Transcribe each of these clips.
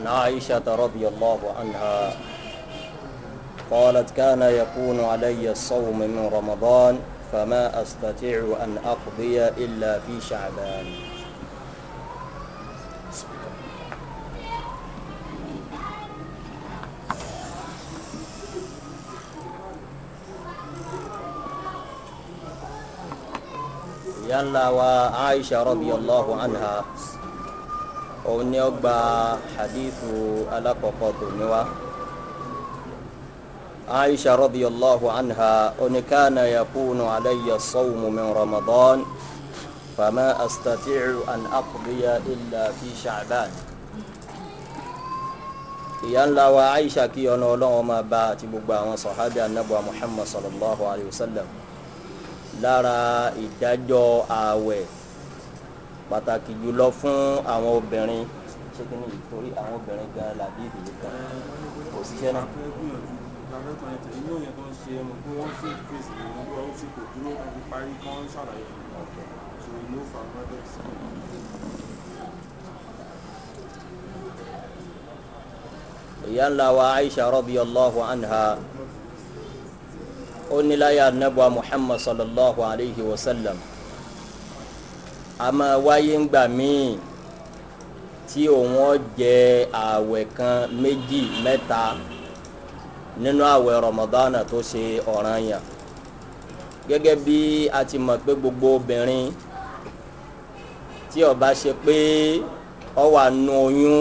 عن عائشة رضي الله عنها قالت كان يكون علي الصوم من رمضان فما أستطيع أن أقضي إلا في شعبان يلا وعائشة رضي الله عنها òun ni ó gba hadithu alákọ̀ọ́kọ́ tó ní wá. عائشة رضي الله عنها أن كان يكون علي الصوم من رمضان فما أستطيع أن أقضي إلا في شعبان ìyá ńlá wa aisha kí ọ̀nà ọlọ́run máa bá àti gbogbo àwọn sọ̀hábì anábọ̀ muhammad sallallahu alayhi wa sallam lára ìdájọ́ pàtàkì jùlọ fún àwọn obìnrin ṣé kí ni ìtorí àwọn obìnrin gan làbí ìdílé kan kò síṣẹ́ náà. ìyá wa aisha radiyallahu anha ó ní muhammad sallallahu alayhi wa sallam ama máa wáyé ńgbà míì tí òun jẹ ààwẹ̀ kan méjì mẹ́ta nínú ààwẹ̀ rọmọdánà tó ṣe ọ̀ràn yàn gẹ́gẹ́ bí a ti mọ̀ pé gbogbo obìnrin tí ó bá ṣe pé ó wà nù oyún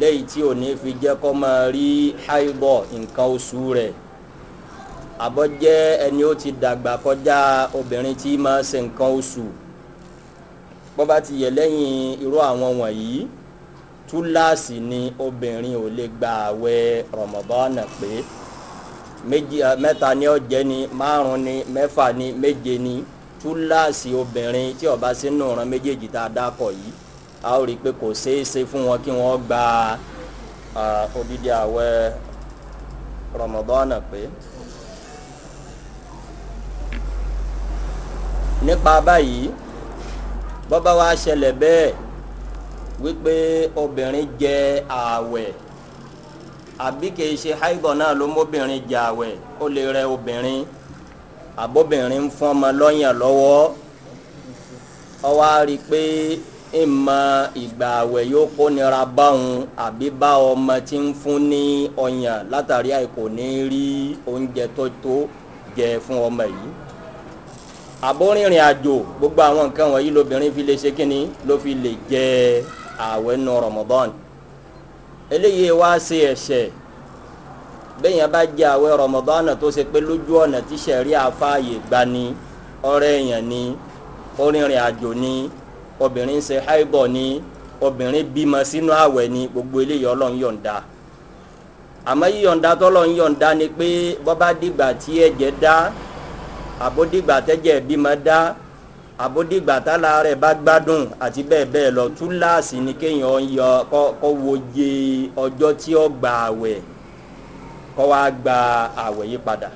léyìí tí ò fi jẹ́ kó máa rí háìbọ̀ nǹkan oṣù rẹ̀ àbọ̀ jẹ́ ẹni ó ti dàgbà kọjá obìnrin tí máa ṣe nǹkan oṣù bọ́ bá ti yẹ lẹ́yìn irú àwọn wọ̀nyí túláàsì ni obìnrin ò lè gba àwẹ̀ rọ̀mọ̀bọ́nà pé méjì mẹ́ta ni ó jẹ́ ni márùn ni mẹ́fà ni méje ni túláàsì obìnrin tí ọba sínú ọ̀ràn méjèèjì tá a dákọ̀ yìí a ó rí i pé kò ṣeé ṣe fún wọn kí wọ́n gba odidi àwẹ̀ rọ̀mọ̀bọ́nà pé. nípa báyìí bọ́bá wa ṣẹlẹ̀ bẹ́ẹ̀ wípé obìnrin jẹ ààwẹ̀ àbí kìí ṣe haibọ̀ náà ló mọ́bìnrin jẹ ààwẹ̀ ó lè rẹ obìnrin àbóbìnrin ń fọ́n ọmọ lọ́yàn lọ́wọ́ ọwọ́ á rí i pé ìmọ̀ ìgbà ààwẹ̀ yóò kó nira báwọn àbí bá ọmọ tí ń fún ní ọyàn látàrí àìkò ní rí oúnjẹ tó tó jẹ fún ọmọ yìí àbórìnrìn àjò gbogbo àwọn nǹkan wọ̀nyí lobìnrin fi lè ṣe kínní ló fi lè jẹ ààwẹ̀ nù rọmọbọ́n eléyìí wá ṣe ẹ̀ṣẹ̀ bẹ́yẹn bá jẹ ààwẹ̀ rọmọbọ́n tó ṣe pé lójú ọ̀nà tí sẹ̀rí àfààyè gba ni ọ̀rẹ́ èèyàn ni orìnrìn àjò ni obìnrin ṣe háìbọ̀ ni obìnrin bímọ sínú ààwẹ̀ ni gbogbo eléyìí ọlọ́run yọ̀ǹda àmọ́ yíyọ̀ǹda tọ́lọ́run yọ̀ǹda ni pé bọ́bá àbódìgbà tẹ́jẹ̀ bí máa dá àbódìgbà tálà rẹ̀ bá gbádùn àti bẹ́ẹ̀ bẹ́ẹ̀ lọ túláàsì ni kéèyàn yọ kọ́ woye ọjọ́ tí ó gba àwẹ̀ kọ́ wá gba àwẹ̀ yí padà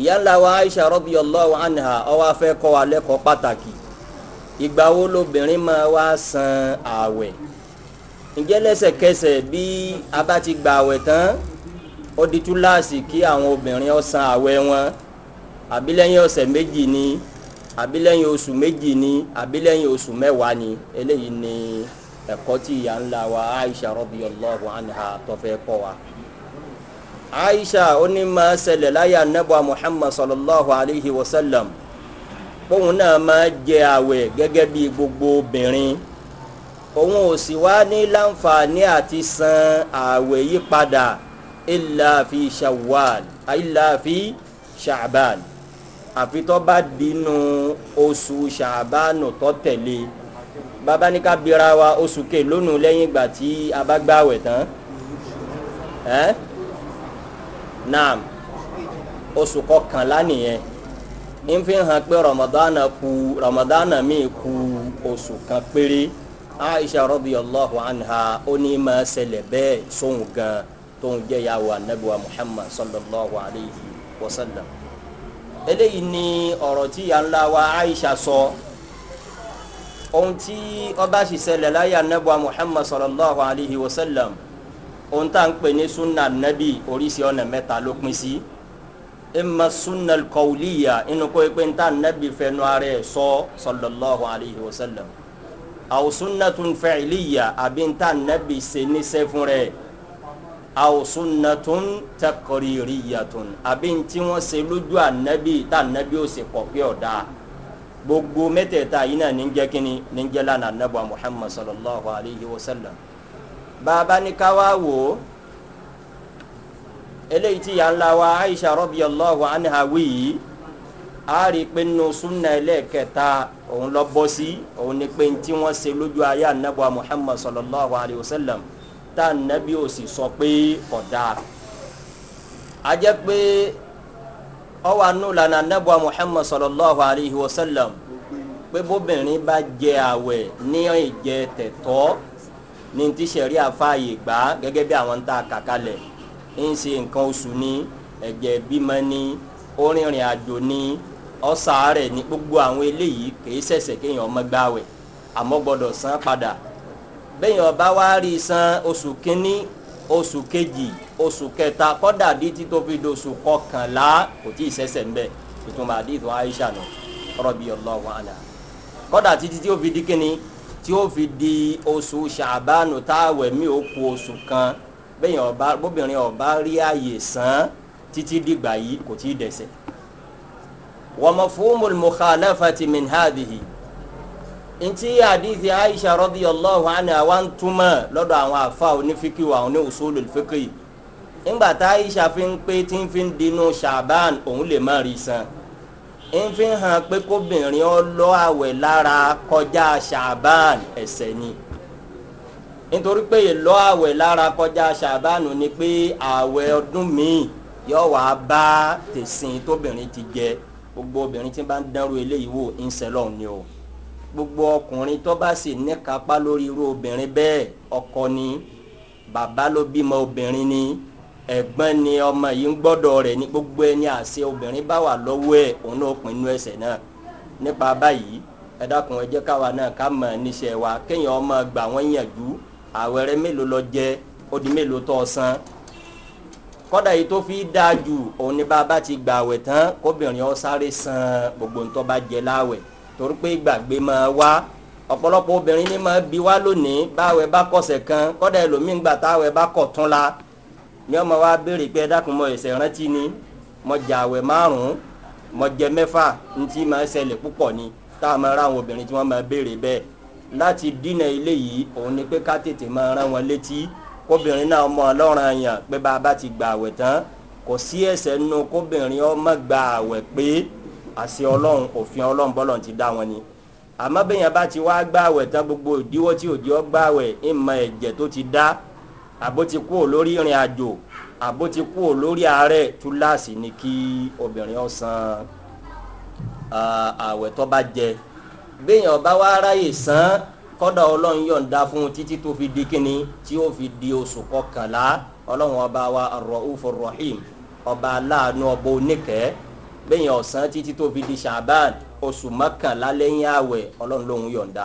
ìyá ńlá wa aisha rọ́bì ọlọ́wọ́ àníhà ọwọ́ afẹ́ kọ́ wa lẹ́kọ̀ọ́ pàtàkì ìgbà wo lobìnrin máa wá san àwẹ̀ ǹjẹ́ lẹ́sẹ̀kẹsẹ̀ bí a bá ti gba àwẹ̀ tán ó di túláàsì kí àwọn obìnrin ó san àwẹ̀ wọn àbí lẹ́yìn ọ̀sẹ̀ méjì ni àbí lẹ́yìn oṣù méjì ni àbí lẹ́yìn oṣù mẹ́wàá ni eléyìí ni ẹ̀kọ́ tí ìyá ńlá wa aisha rọ́bì ọlọ́run àníhà tọ́fẹ́ kọ́ wa. aisha ó ní máa ṣẹlẹ̀ láyà nẹ́bà muhammad sallallahu alayhi wa sallam póun náà máa jẹ àwẹ̀ gẹ́gẹ́ bí gbogbo obìnrin òun ò sì wá ní láǹfààní àti san àwẹ̀ yí padà ilà fi shawwal ilà fi sha'ban àfi tó bá dínú oṣù ṣàbánu tó tẹ̀lé bàbá ní ká bira wa oṣù ke lónìí lẹ́yìn ìgbà tí a bá gbàwẹ̀ tán ẹ́ naam oṣù kọkànlá nìyẹn ń fi hàn pé ramadana ku ramadana míì ku oṣù kan péré aisha radiyallahu anha ó ní máa ṣẹlẹ̀ bẹ́ẹ̀ sóhun gan tóun jẹ́ yàwó anabiwa muhammad sallallahu alayhi wa sallam eléyìí ni ọ̀rọ̀ tí ìyá ńlá wa aisha sọ ohun tí ọba sì ṣẹlẹ̀ láyé anábọ́à muhammad sallallahu alayhi wa sallam ohun tá à ń pè ní sunna nabi oríṣi ọ̀nà mẹ́ta ló pín sí ima sunna kawliya inú kó pé tá nabi fẹnu ara ẹ̀ sọ sallallahu alayhi wa sallam àwọn sunna tún fẹ́ ìlíya àbí tá nabi ṣe níṣẹ́ fún rẹ̀ àwòsùnàtún takorìrìyàtún àbí tí wọ́n ṣe lójú ànábì tá ànábì ó sì pọ̀ pé ọ̀dà gbogbo mẹ́tẹ̀ẹ̀ta yìí náà ní jẹ́ kínní ní jẹ́ lánàá ànábì muhammad sallallahu alayhi wa sallam bàbá ní ká wá wò ó eléyìí tí yà ń la wa aisha rabi allahu anha wíyí a rí i pé nínú súnà ẹlẹ́ẹ̀kẹta òun lọ bọ́ sí òun ni pé tí wọ́n ṣe lójú ayé ànábì muhammad sallallahu alayhi wa sallam. tá nàbí ò sì sọ pé kọ̀dá a jẹ́ pé ọwọ́ anú lànà anábọ́à sallallahu alayhi wa sallam pé bóbìnrin bá jẹ àwẹ̀ ní ìjẹ tẹ̀tọ́ ní ti sẹ̀rí àfààyè gbà gẹ́gẹ́ bí àwọn tá a kà kalẹ̀ ń ṣe nǹkan oṣù ní ẹ̀jẹ̀ bímọ ní orìnrìn àjò ní ọ̀sà rẹ̀ gbogbo àwọn eléyìí kì í ṣẹ̀ṣẹ̀ kéèyàn ọmọ àmọ́ san padà bẹ́yìn ọba wá rí san oṣù kínní oṣù kejì oṣù kẹta kọ́dà dí tí tó fi doṣù kọkànlá kò tí ì sẹ́sẹ̀ ń bẹ̀ ìtumọ̀ àdìsùn aisha nù rọ́bì ọlọ́wọ́ àná kọ́dà títí tí ó fi di kínní tí ó fi di oṣù ṣàbánu táwẹ̀ mí ó ku oṣù kan bẹ́yìn ọba bóbìnrin ọba rí àyè san títí dìgbà yìí kò tí ì dẹ̀sẹ̀ wọ́n mọ̀ fún mọ̀lmọ́ká náà fati min ntí àdìsí aisha radiyallahu anha wa ń túmọ̀ lọ́dọ̀ àwọn àfa onífíkì wa ní usulul fiqi ńgbà tá aisha fi ń pé tí ń fi ń dinú shaban òun lè má rí san ń fi hàn pé kóbìnrin ọ lọ àwẹ̀ lára kọjá shaban ẹ̀ṣẹ̀ ni nítorí pé ìlọ àwẹ̀ lára kọjá shaban ni pé àwẹ̀ ọdún míì yóò wá bá tẹ̀sìn tóbìnrin ti jẹ gbogbo obìnrin tí bá ń dánrú eléyìí wò ń sẹ́lọ̀ ni o gbogbo ọkùnrin tó bá sì níkapá lórí irú obìnrin bẹ́ẹ̀ ọkọ ni bàbá ló bímọ obìnrin ni ẹ̀gbọ́n ni ọmọ yìí ń gbọ́dọ̀ rẹ̀ ní gbogbo ẹni àṣẹ obìnrin bá wà lọ́wọ́ ẹ̀ òun náà pin inú ẹsẹ̀ náà nípa báyìí ẹ dákun ẹ jẹ́ káwa náà ká mọ̀ níṣẹ́ wa kéèyàn ọmọ gbà wọ́n yànjú àwẹ̀rẹ̀ mélòó lọ jẹ ó di mélòó tó san kọ́dà yìí tó fi dáa jù òun ni bàbá ti gbà àwẹ̀ tán kóbìnrin ọ sáré san gbogbo ntọ́ bá jẹ láwẹ̀ torí pé gbàgbé máa wá ọ̀pọ̀lọpọ̀ obìnrin ní máa bí wá lónìí báwẹ̀ bá kọ̀sẹ̀ kan kọ́dà ẹlòmíín gbà táwẹ̀ bá kọ̀ tún la ní ọmọ wa béèrè pé ẹdákun mọ ẹsẹ̀ rántí ni mọ jà àwẹ̀ márùn-ún mọ jẹ mẹ́fà ntí máa ń ṣẹlẹ̀ púpọ̀ ni tá a máa ra àwọn obìnrin tí wọ́n máa béèrè bẹ́ẹ̀ láti dínà ilé yìí òun ni pé ká tètè máa rán wọn létí kóbìnrin náà mọ ọlọ́run àyàn pé bá a bá ti gbà àwẹ̀ tán kò sí ẹ̀ṣẹ̀ nínú kóbìnrin ọmọ gbà àwẹ̀ pé àṣẹ ọlọ́run òfin ọlọ́run bọ́lọ̀ ti dá wọn ni àmọ́ bẹ́yẹn bá ti wá gbààwẹ̀ tán gbogbo ìdíwọ́ tí òdi ọ́ gbààwẹ̀ ìmọ̀ ẹ̀jẹ̀ tó ti dá àbó ti kú lórí ìrìn àjò àbó ti kú lórí ààrẹ túláàsì ni kí obìnrin ó san ààwẹ̀ tó bá jẹ bẹ́yẹn ọba wa ráyè san kọ́dà ọlọ́run yọ̀ǹda fún títí tó fi di kíni tí ó fi di oṣù kọkànlá ọlọ́run ọba wa ar-Ra'ufur Rahim ọba aláàánú ọba oníkẹ́ẹ́ bẹ́yìn ọ̀sán títí tó fi di ṣàbán oṣù mọ́kànlá lẹ́yìn àwẹ̀ ọlọ́run lòún yọ̀ǹda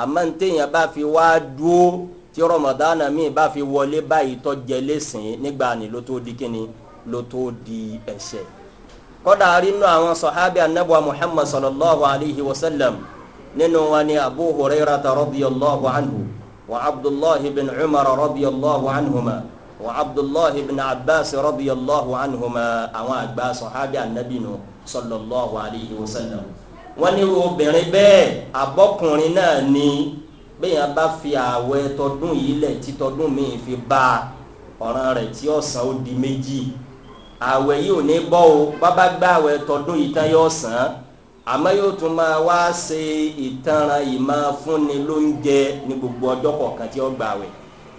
àmọ́ ní téèyàn bá fi wá dúó tí rọmọdánà míì bá fi wọlé báyìí tó jẹ lẹ́sìn nígbà ni ló tó di kíni ló tó di ẹ̀ṣẹ̀ kódà rínú àwọn sọ̀hábì anábọ̀ muhammad sallallahu alayhi wa sallam nínú wọn ni abu hurairah radiyallahu anhu wa abdullahi bin umar radiyallahu anhuma wa abdullahi ibn abbas radiyallahu anhuma àwọn àgbà sọ̀hábì anabi nù sallallahu alayhi wa sallam wọ́n ní obìnrin bẹ́ẹ̀ abọ́kùnrin náà ni bẹ́ẹ̀ bá fi ààwẹ̀ tọdún yìí lẹ̀ tí tọdún mi fi bá ọ̀ràn rẹ̀ tí ọ̀sán ó di méjì ààwẹ̀ yìí ò ní bọ́ o bábá gbá ààwẹ̀ tọdún yìí tán yóò sàn án àmọ́ yóò tún máa wá ṣe ìtanràn ìmọ̀ fúnni lóúnjẹ ní gbogbo ọjọ́ kọ̀ọ̀kan tí ó gbà wẹ̀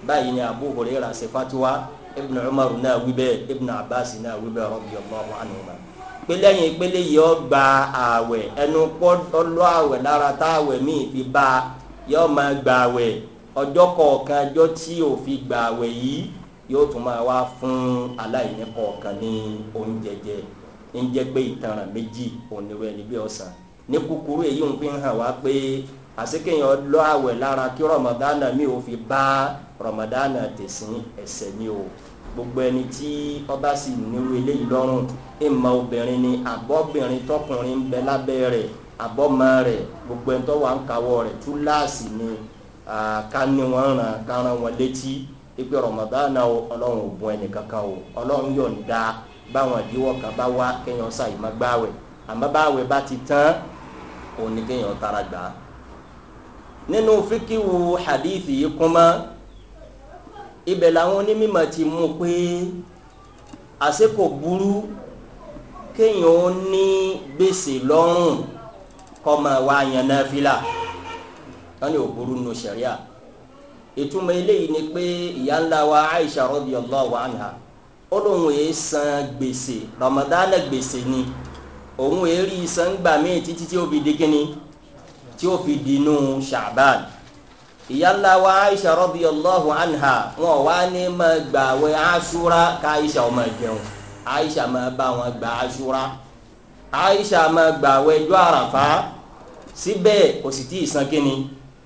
báyìí ni abu hurairah ṣe fatiwa ibn umar náà wí ibn abbas náà wí bẹ́ẹ̀ radiyallahu anhuma pé lẹ́yìn ìpele yìí ẹnu pọ́ ọlọ́ ààwẹ̀ lára tá míì fi bá ma gba awa, ọjọ́ kọ̀ọ̀kan tí o fi gba awa yìí yóò tún ma wá fún aláìní ní oúnjẹ jẹ ń pé ìtanràn méjì ní kúkúrú èyí àsekéyàn lọ àwẹ̀ lára kí rọmọdánà mi ò fi bá rọmọdánà tẹ̀sìn ẹ̀sẹ̀ ni o gbogbo ẹni tí ọba sì níwò eléyìí lọ́rùn ìmọ̀ obìnrin ni àbọ̀bìnrin tọkùnrin ń bẹ lábẹ́ rẹ̀ àbọ̀mọ rẹ̀ gbogbo ẹni tó wà ń kawọ́ rẹ̀ túláàsì ni ká ní wọn ràn ká ràn wọn létí ipe rọmọdánà ọlọ́run ò bùn ẹnì kankan o ọlọ́run yọ̀ǹda báwọn ìdíwọ́ kan bá wá kéèyàn ṣàyè má gbáwẹ̀ àmọ́ báwẹ̀ bá ti tán òun ni kéèyàn tara gbà nínú fíkìwù hadith yìí kúnmọ́ ibẹ̀ làwọn onímọ̀ ti mú pé àsìkò burú kéèyàn ó ní gbèsè lọ́rùn kọ́mọ wa yàn náà fìlà wọ́n ní òburú nù sẹ̀ríà ìtumọ̀ eléyìí ni pé ìyá ńlá wa Aisha radiyallahu anha ó lóun èé san gbèsè Ramadan gbèsè ni òun èé rí san gbà míì títí tí ó fi di kíni tí ó fi dinú ṣàbàn ìyáńlá wa aisha radiyallahu anha wọn wá ní máa gbà wẹ̀ aṣúra ká aisha ọmọ ìjẹun aisha máa bá wọn gbà aṣúra aisha máa gbà wẹ̀ ọjọ́ àràfá síbẹ̀ kò sì tí ì san kíni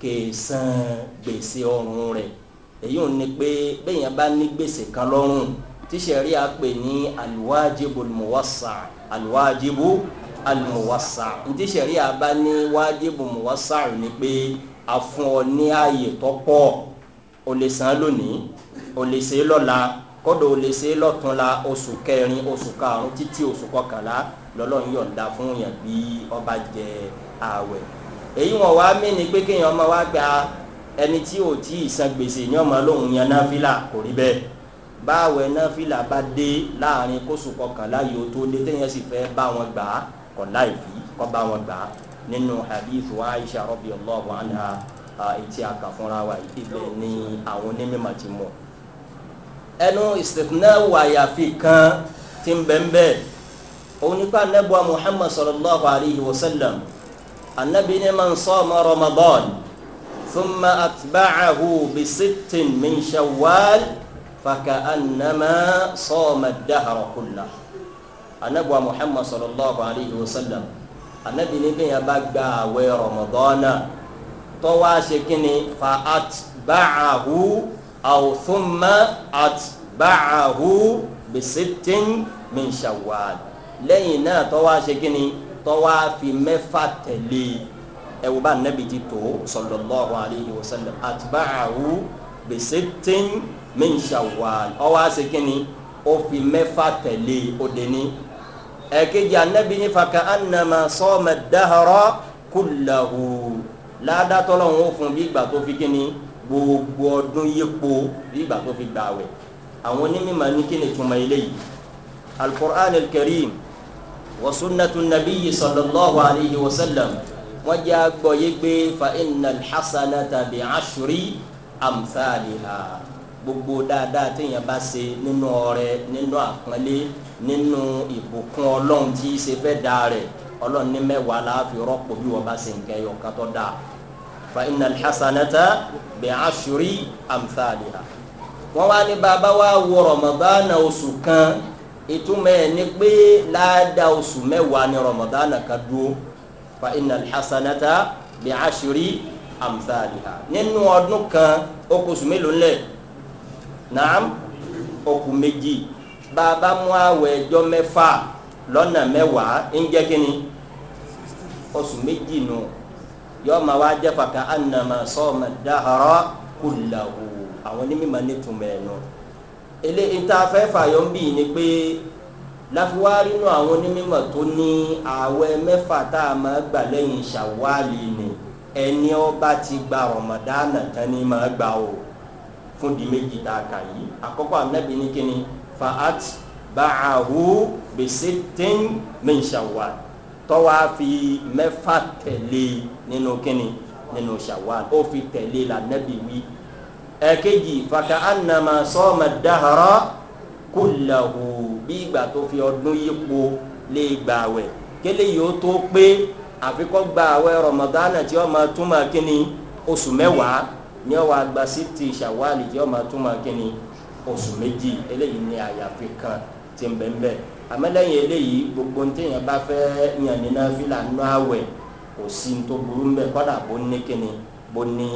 kè san gbèsè ọrùn rẹ̀ èyí ò ní pé bẹ́yẹn bá ní gbèsè kan lọ́rùn tíṣẹ̀rí àpè ní alwajibu almuwassa alwajibu alimuwasa ntí sẹ̀ríà bá ní wájibu muwasa ni pé a fún ọ ní ààyè tó pọ̀ o lè san lónìí o lè ṣe lọ́la kọ́dọ̀ o lè ṣe lọ́tún la oṣù kẹrin oṣù karùn-ún títí oṣù kọkànlá lọ́lọ́run yọ̀ǹda fún yàn bí ọba jẹ ààwẹ̀ èyí wọn wá mí ni pé kéèyàn máa wá gba ẹni tí ò tí ì san gbèsè ní ọmọ lòun yan náfìlà kò rí bẹ́ẹ̀ báwẹ̀ náfìlà bá dé láàrin kóṣù kọkànlá yìí ó tó dé téèyàn sì fẹ́ bá wọn gbà á kọ̀lá ìfì kọ́ba wọn gbà nínú hadithu aisha rabi allahu anha etí akàfúnra wa ibẹ̀ ni àwọn onímọ̀ ti mọ̀ ẹnu ìsìnkú àyàfi kan ti ń bẹ́ẹ̀ bẹ́ẹ̀ òun nípa anábọ̀ muhammad sallallahu alayhi wa sallam anabi ni man sọ́ọ̀mọ́ ramadan ثم أتبعه بست من شوال فكأنما صام الدهر كله anabuwa muhammad sallallahu alayhi wa sallam anabi ni bẹ́ẹ̀ yẹn bá gba àwẹ̀ rọmọdọ́nà tọ́wọ́ àṣẹ kínní fa atba'ahu aw thumma atba'ahu bisittin min shawwal lẹ́yìn náà tọ́wọ́ àṣẹ kínní tọ́wọ́ àfi mẹ́fà tẹ̀lé ẹ̀wù bá anabi ti tó sallallahu alayhi wa sallam atba'ahu bisittin min shawwal ọwọ́ àṣẹ kínní ó fi mẹ́fà tẹ̀lé ó dé ẹ̀kejì anabi ní faka anama sọ́ọ̀mẹ̀ dahara kùlàhù ládàtọ́lọ̀ ń fún bí ìgbà tó fi kíni gbogbo ọdún yípo bí ìgbà tó fi gbà wẹ̀ àwọn onímọ̀ ní kíni túmọ̀ eléyìí alukur'an alkarim wa sunnatu sallallahu alayhi wa sallam wọ́n jẹ́ agbọ̀ yí pé fa inna alhassanata bi ashuri amsaaliha gbogbo dáadáa téèyàn bá ṣe nínú ọrẹ nínú àpọ́nlé nínú ìbùkún ọlọ́run tí í ṣe fẹ́ dáa rẹ̀ ọlọ́run ní mẹ́wàá láàfi rọ́pò bí wọ́n bá ṣe nǹkan ẹyọ kan tó dáa fa iná hasanata bẹ̀ aṣorí amthaliha wọ́n wá ní bàbá wa wo rọ̀mọ̀dánà oṣù kan ìtumọ̀ ẹ̀ ni pé láàdá oṣù mẹ́wàá ni rọ̀mọ̀dánà kan dúró fa iná hasanata bẹ̀ aṣorí amthaliha nínú ọdún kan ó mélòó ńlẹ̀ naam okù méjì bàbá mú àwẹ̀ ẹjọ́ mẹ́fà lọ́nà mẹ́wàá ń jẹ́ kínní oṣù méjì nù yọ ma wá jẹ́ fàkà ànàmà sọ́ọ̀mà dáhàrọ́ kùlàwò àwọn onímọ̀ nítumọ̀ ẹ̀ nù ilé ìtafẹ́ fàyọ̀ ń bì ní pé láfiwárí nù àwọn onímọ̀ tó ní ààwẹ̀ mẹ́fà tá a máa gbà lẹ́yìn ṣàwálì ni ẹni ọba ti gba rọ̀mọ̀dánà tán ni máa gbà o kó di méjì tá a kà yìí àkọ́kọ́ anabi ní kíni fa at ba'ahu bèsè tẹ́ń mẹ́nṣàwá tọ́wọ́ á fi mẹ́fà tẹ̀lé nínú kíni nínú ṣàwá ó fi tẹ̀lé la anabi wí ẹ̀kejì faka anama sọ́ọ̀mà dahara kúlàhù bí ìgbà tó fi ọdún yípo lè gbà wẹ̀ kélé yìí ó tó pé àfikọ́ gbà wẹ̀ rọmọdánà tí ó máa túmọ̀ kíni oṣù mẹ́wàá ní ọwọ́ àgbà síti ṣàwálì yóò máa tún máa kíni oṣù méjì eléyìí ni àyàfi kan ti ń bẹ́ẹ̀ bẹ́ẹ̀ àmọ́lẹ́yìn eléyìí gbogbo ntẹ̀yìn bá fẹ́ yàn ní náfìlà nú àwẹ̀ kò sí tó burú ń bẹ́ẹ̀ kọ́dà bó ní kíni bó ní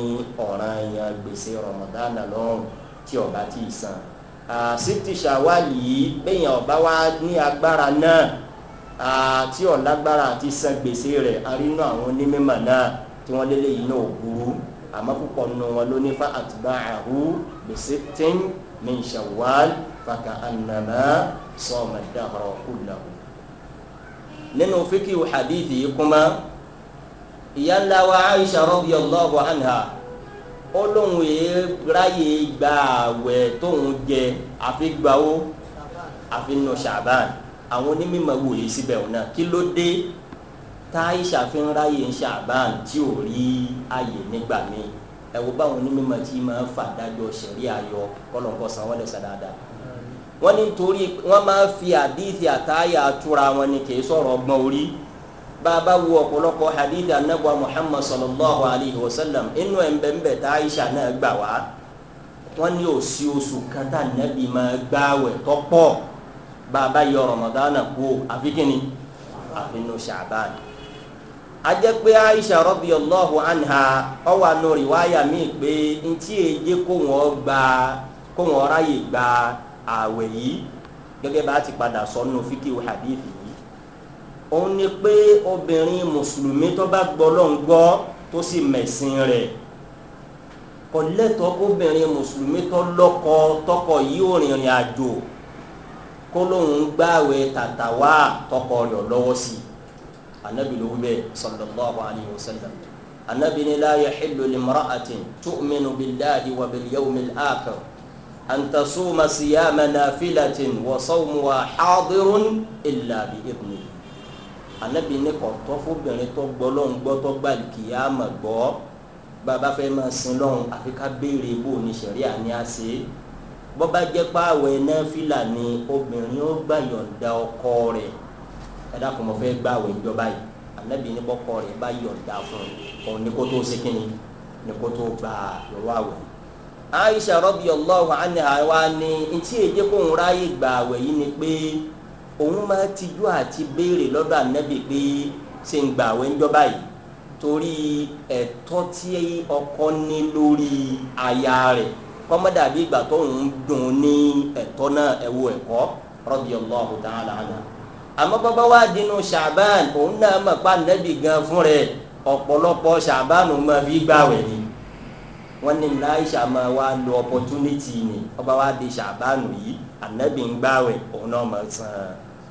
ọ̀ràn yẹn gbèsè rọmọdánà lọ́rùn tí ọba ti sàn síti ṣàwálì yìí bẹ́yìn ọba wa ní agbára náà àti ọ̀lágbára àti san gbèsè rẹ̀ arínú àwọn onímọ̀ náà tí wọ́n lélẹ́yìn náà burú àmọ́ púpọ̀ nù wọn ló ní fa atba'ahu bi sittin min shawwal faka annama sama dahra kullahu. nínú fíkìwù hadithi yìí kuma ìyá ńlá wa aisha radiyallahu anha ó yìí ráyè gba àwẹ̀ tóun jẹ àfi gbawó àfi nù ṣàbàn àwọn onímọ̀ wòye síbẹ̀ ọ̀nà kí ló dé táyìṣà fi ń ráyè ń ṣàbán tí ò rí àyè nígbà míì ẹ wo báwọn onímọ̀ tí máa ń fàdájọ ṣẹ̀rí ayọ kọlọ̀kọ̀ san wọ́n lè sá dáadáa wọ́n ní torí wọ́n máa ń fi àdíìsì àtàyà túra wọn ni kì sọ̀rọ̀ ọgbọ́n orí bàbá wo ọ̀pọ̀lọpọ̀ hadith anabu muhammad sallallahu alayhi wa sallam inú ẹ̀ ń bẹ̀ ń bẹ̀ táyìṣà náà gbà wá wọ́n ní òsì oṣù kan tá nàbì máa gbáwẹ̀ tọ́pọ̀ bàbá yọ rọ̀mọ̀dánà kú àfikínni àfinú ajẹ́ pé aisha radiyallahu anha ọwọ́ àna rìwáyà míì pé ntí èjé kó wọn gba kó wọn ráyè gba ààwẹ̀ yìí gẹ́gẹ́ bá ti padà sọnù fíkìwé hadithi yìí òun ni pé obìnrin mùsùlùmí tó bá gbọ́ lọ́n gbọ́ tó sì mẹ̀sìn rẹ̀ kò lẹ́tọ̀ọ́ kóbìnrin mùsùlùmí tó lọ́kọ tọkọ yìí ò rìnrìn àjò kó lóun gbààwẹ̀ tàtàwá tọkọ rẹ̀ lọ́wọ́ sí i anabi ló wúbẹ sallallahu alayhi wa sallam anabi ni la yahillu limra'atin tu'minu billahi wa bil yawmil akhir an tasuma siyama nafilatin wa sawmuha hadirun illa bi idni anabi ni kò tọ́ fóbìnrin tó gbọ́ lọ́n gbọ́ tó gbà kìyàmà gbọ́ bàbá àfi ká béèrè bó ní sẹ̀ríà ni a ṣe bọ́bá jẹ́ pààwẹ̀ náà fìlà ni obìnrin ó gbà yọ̀ǹda ọkọ rẹ̀ ẹ̀dá kò fẹ́ gbá ní rẹ̀ fún òun ní kó tó ṣe ní kó tó gba ìrọ̀ àwẹ̀. Aisha radiyallahu anha wa ni ntí èdè kó ń ráyè gba àwẹ̀ ni pé òun máa àti béèrè lọ́dọ̀ ṣe ń gba torí ẹ̀tọ́ tí ọkọ ní lórí aya rẹ̀ kọ́mọ́dàbí ìgbà tó ń dùn ní ẹ̀tọ́ náà ẹ̀kọ́ àmọ́ bàbá wa dínú ṣàbán òun náà mọ̀ pa nẹ́bì gan fún rẹ̀ ọ̀pọ̀lọpọ̀ ṣàbán òun máa fi gbàwẹ̀ ni wọ́n ní láìsà máa wá lo opportunity ni ọba wa di ṣàbán yìí ànẹ́bì ń gbàwẹ̀ òun náà máa san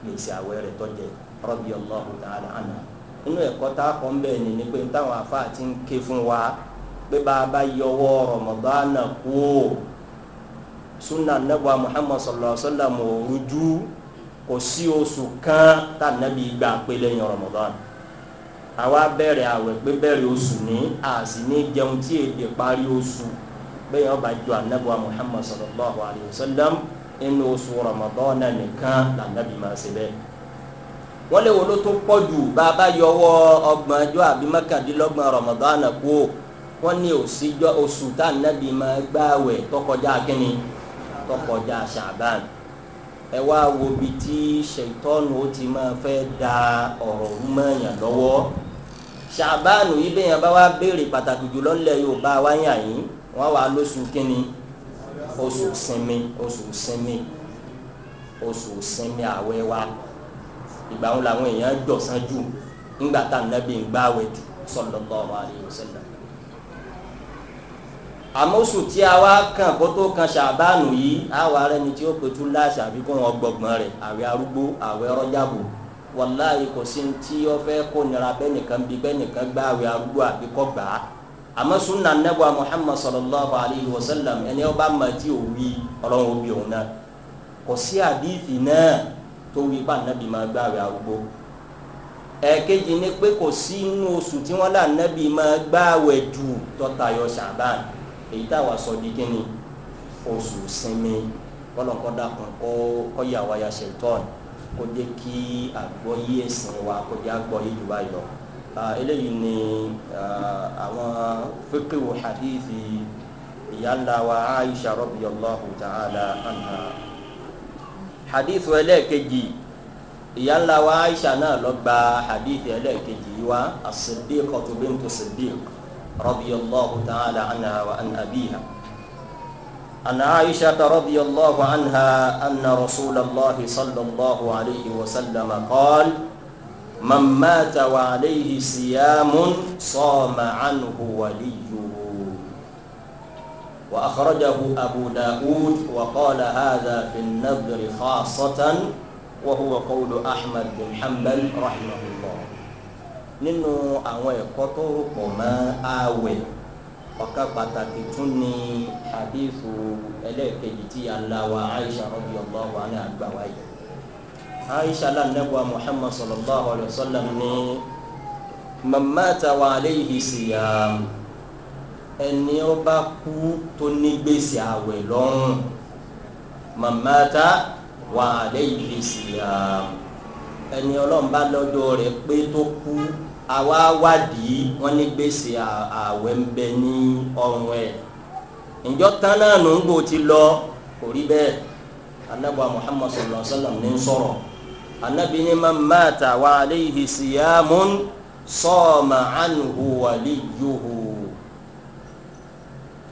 gbèsè àwẹ̀ rẹ̀ tọ́jẹ̀ rọ́bì ọlọ́run tààlà àná inú ẹ̀kọ́ tá a kọ́ ń bẹ̀ ni ni pé táwọn afáà ti ń ké fún wa pé bá a bá yọwọ́ rọ̀mọ̀dánà kú ó sunna anabu muhammad sallallahu alaihi wa sallam òrujú kò sí oṣù kan tá nàbí gbà pé lẹ́yìn rọmọdán àwa bẹ̀rẹ̀ àwẹ̀ pé bẹ̀rẹ̀ oṣù ní àsì ní jẹun tí èdè parí oṣù bẹ́ẹ̀ ọba jọ anabuwa muhammad sallallahu alayhi wa sallam inú oṣù rọmọdán nìkan là nàbí máa ṣe bẹ́ẹ̀ wọ́n lé wo ló tó pọ̀ jù bá a bá yọwọ́ ọgbọ̀n ọjọ́ àbí mọ́kàndínlọ́gbọ̀n rọmọdán kú wọ́n ní òsì oṣù tá nàbí máa gbà wẹ̀ tọkọjá kínní ẹ wá wo bi tí ṣètọ́nù ó ti máa fẹ́ da ọ̀rọ̀ mọ́yàn lọ́wọ́ ṣàbánu yìí bẹ́yàn bá wá béèrè pàtàkì jùlọ ńlẹ̀ yorùbá wáyà yìí wọ́n wà lóṣù kínní oṣù sinmi oṣù sinmi oṣù sinmi àwẹ̀ wa ìgbà wọn làwọn èèyàn jọ̀sán jù ńgbà tá nàbí ń gbáwẹ̀ jù sọlọ́tọ̀ ọ̀rọ̀ àdìyẹ sẹ́lẹ̀ àmọ́sù tí a wá kàn kó tó kan ṣàbánu yìí àwa rẹ ni tí ó pe tún láṣà àbí kó wọn gbọgbọn rẹ àwẹ̀ arúgbó àwẹ̀ rọjàbò wàláyé kò sí tí ó fẹ́ kó nira bẹ́nìkan bí bẹ́nìkan gbá àwẹ̀ arúgbó àbí kọ́ gbà á àmọ́sù nà muhammad sallallahu alayhi wa sallam ẹni ó bá mọ̀ tí ò wí ọlọ́run ó bí òun náà kò sí àdífì náà tó wí bá nàbì máa gbá àwẹ̀ arúgbó ẹ̀ẹ́kejì ni pé kò sí inú oṣù tí wọ́n là nàbì máa gbá àwẹ̀ jù tọ́tayọ ṣàbánu èyí tá a wà sọ di kíni oṣù sinmi kọlọ́nkọ́dá kan kọ́ yà wá ya ṣètọ́n kó jẹ́ kí àgbọ́yé ẹ̀sìn wa kó jẹ́ àgbọ́yé jù báyìí eléyìí ni àwọn fíkìwò hadithi ìyáńlá wa aisha rabi allahu ta'ala anha hadith ẹlẹ́ẹ̀kejì ìyáńlá wa aisha náà lọ gba hadith ẹlẹ́ẹ̀kejì wa asèdè kọtùbẹ́ntò sèdè رضي الله تعالى عنها وعن أبيها عن عائشة رضي الله عنها أن رسول الله صلى الله عليه وسلم قال من مات وعليه صيام صام عنه وليه وأخرجه أبو داود وقال هذا في النذر خاصة وهو قول أحمد بن حنبل رحمه الله nínú àwọn ẹ̀kọ́ tó pọ̀ mọ́ ààwẹ̀ ọ̀kan pàtàkì tún ni àdéhù ẹlẹ́ẹ̀kejì tí aláwa aisha rọ́bì ọ̀gbọ́n ní àgbà wáyé aisha lánàbọ̀ muhammad sallallahu alayhi wa sallam ní mamata wa aleyhi siyam ẹni ó bá kú tó ní gbèsè àwẹ̀ lọ́rùn mamata wa aleyhi siyam ẹni ọlọ́run bá rẹ̀ pé tó kú àwa wádìí wọn ní gbèsè ààwẹ̀ ń bẹ ní ọrùn ẹ̀ ìjọ tán náà nù ń gbò ti lọ kò rí bẹ́ẹ̀ anabuwa muhammad sallallahu alaihi wa sallam ní sọ̀rọ̀ anabi ní ma mata wa aleyhi siyamun sọ́ọ̀mà ànuhu waliyuhu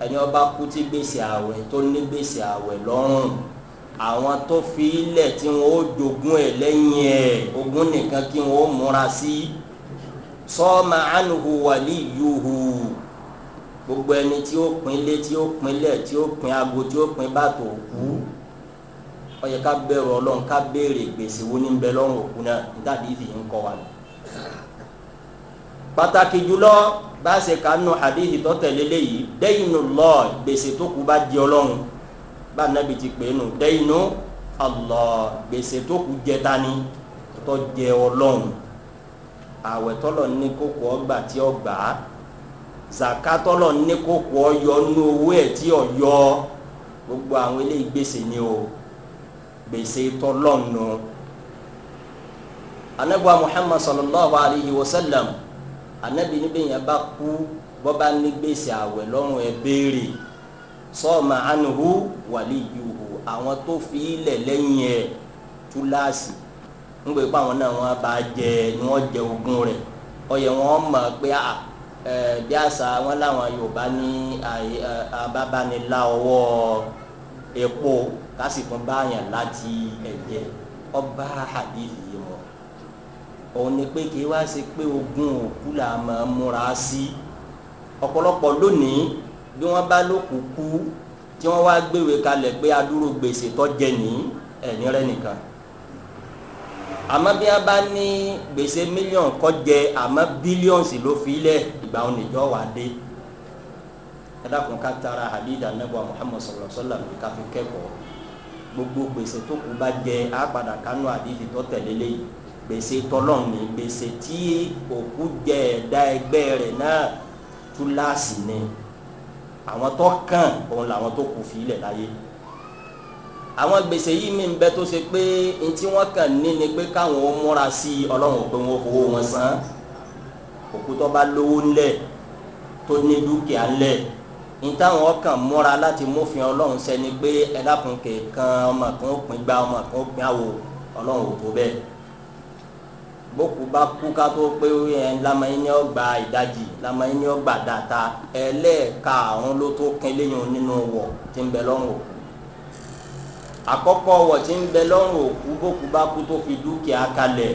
ẹni ọba kú tí gbèsè ààwẹ̀ tó ní gbèsè ààwẹ̀ lọ́rùn àwọn tó fi ilẹ̀ tí wọ́n ó jogún ẹ̀ lẹ́yìn ẹ̀ ogún nìkan kí wọ́n ó múra sí. Si sọ́ọ̀mà ànuhu wàlí yuhu gbogbo ẹni tí ó pin lé tí ó pin lẹ̀ tí ó pin aago tí ó pin bàtò òkú ó yẹ ká bẹ̀rù ọlọ́run ká béèrè gbèsè wo ní ń bẹ lọ́rùn òkú náà nígbàdí ìdí ń kọ́ wa pàtàkì jùlọ bá a ṣe kà àdéhì tó léyìí dẹ́yìnú lọ gbèsè tó kù bá di ọlọ́run bá nàbì ti pè é nù dẹ́yìnú Allah gbèsè tó kù jẹ tani tó jẹ ọlọ́run àwẹ̀ tọ́lọ̀ ní kókó ọgbà tí ó gbà á zaka tọ́lọ̀ ní kókó ọyọ nú owó ẹ̀ tí ó yọ gbogbo àwọn eléyìí gbèsè ni o gbèsè tọ́lọ̀ nù. anabiwa muhammad sallallahu alayhi wa sallam anabi níbi yẹn bá kú bọ́ba ní gbèsè àwẹ̀ lọ́rùn ẹ̀ béèrè sọ́ọ̀mà anuhu wàlíyuhu àwọn tó fi ilẹ̀ lẹ́yìn ẹ̀ túláàsì ńgbè pé àwọn náà wọ́n bá jẹ ni wọ́n jẹ ogún rẹ̀ ọyẹ wọn mọ̀ pé à bí àṣà wọn láwọn Yorùbá ní àbábánilá ọwọ́ epo kásìkò báyàn láti ẹ̀jẹ̀ ọba àdìlì wọn òun ni pé kí wá ṣe pé ogún òkú là máa múra sí ọ̀pọ̀lọpọ̀ lónìí bí wọ́n bá lókù kú tí wọ́n wá gbéwèé kalẹ̀ pé adúrò gbèsè ní ẹ̀ní rẹ̀ nìkan àmọ́ bí wọ́n bá ní gbèsè mílíọ̀n kọ́ jẹ àmọ́ bílíọ̀nsì ló fi lẹ̀ ìgbà wọn níjọ́ wà dé ẹ dákun ká tara hadith anabu muhammad sallallahu alaihi wa sallam ká fi kẹ́kọ̀ọ́ gbogbo gbèsè tó kù bá jẹ àpàdà kánú hadith tó tẹ̀lé léyìí gbèsè tọ́lọ́n ní gbèsè tí òkú jẹ ẹ̀dá ẹgbẹ́ rẹ̀ náà túláàsì ni àwọn tó kàn òun làwọn tó kù fi láyé àwọn gbèsè yìí mi ń bẹ tó ṣe pé ntí wọn kàn ní ni pé káwọn ó múra sí i ọlọ́run pé wọn fowó wọn san òkú tó bá lówó ńlẹ̀ tó ní dúkìá ńlẹ̀ ntáwọn ọkàn múra láti mófin ọlọ́run sẹ́ni pé ẹ dákun kẹ̀kan ọmọ kan ó pin gba ọmọ kan ó pin àwò ọlọ́run ò tó bẹ́ẹ̀ bókú bá kú ká tó pé ẹn lamẹ́yìn ni ó ìdajì lamẹ́yìn ni ó dàta ẹlẹ́ẹ̀ka àrùn ló tó kín léyìn nínú wọ̀ tí ń bẹ lọ́rùn òkú àkọ́kọ́ wọ̀ tí ń bẹ lọ́rùn òkú bókú bá kú tó fi dúkìá kalẹ̀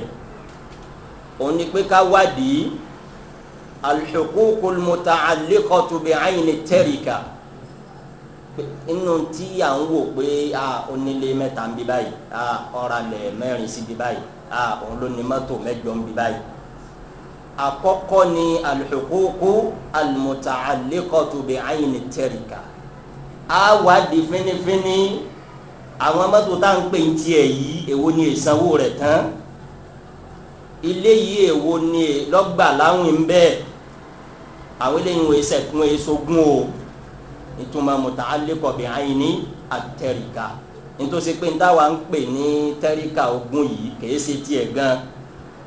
òun ni pé ká wádìí alḥukukul muta'alliqatu bi'ayni tarika inú tí à ń wò pé a onílé mẹ́ta ń bí báyìí a ọ̀ra lẹ̀ mẹ́rin sí bí báyìí a òun ló ń bí báyìí àkọ́kọ́ ni alḥukukul muta'alliqatu bi'ayni tarika a wádìí fínífíní àwọn mọ́tò tá à ń pè ń tiẹ̀ yìí èwo ni ìsanwó rẹ̀ tán ilé yìí èwo ni lọ́gbà láwìn ń bẹ́ẹ̀ àwọn eléyìí wọ́n ṣẹ̀kún eṣogún o ìtumọ̀ mùtàlẹ́kọ̀ bí àyìn ní àtẹ̀ríkà nítòsí pé táwa ń pè ní tẹ́ríkà ogún yìí kìí ṣe tiẹ̀ gan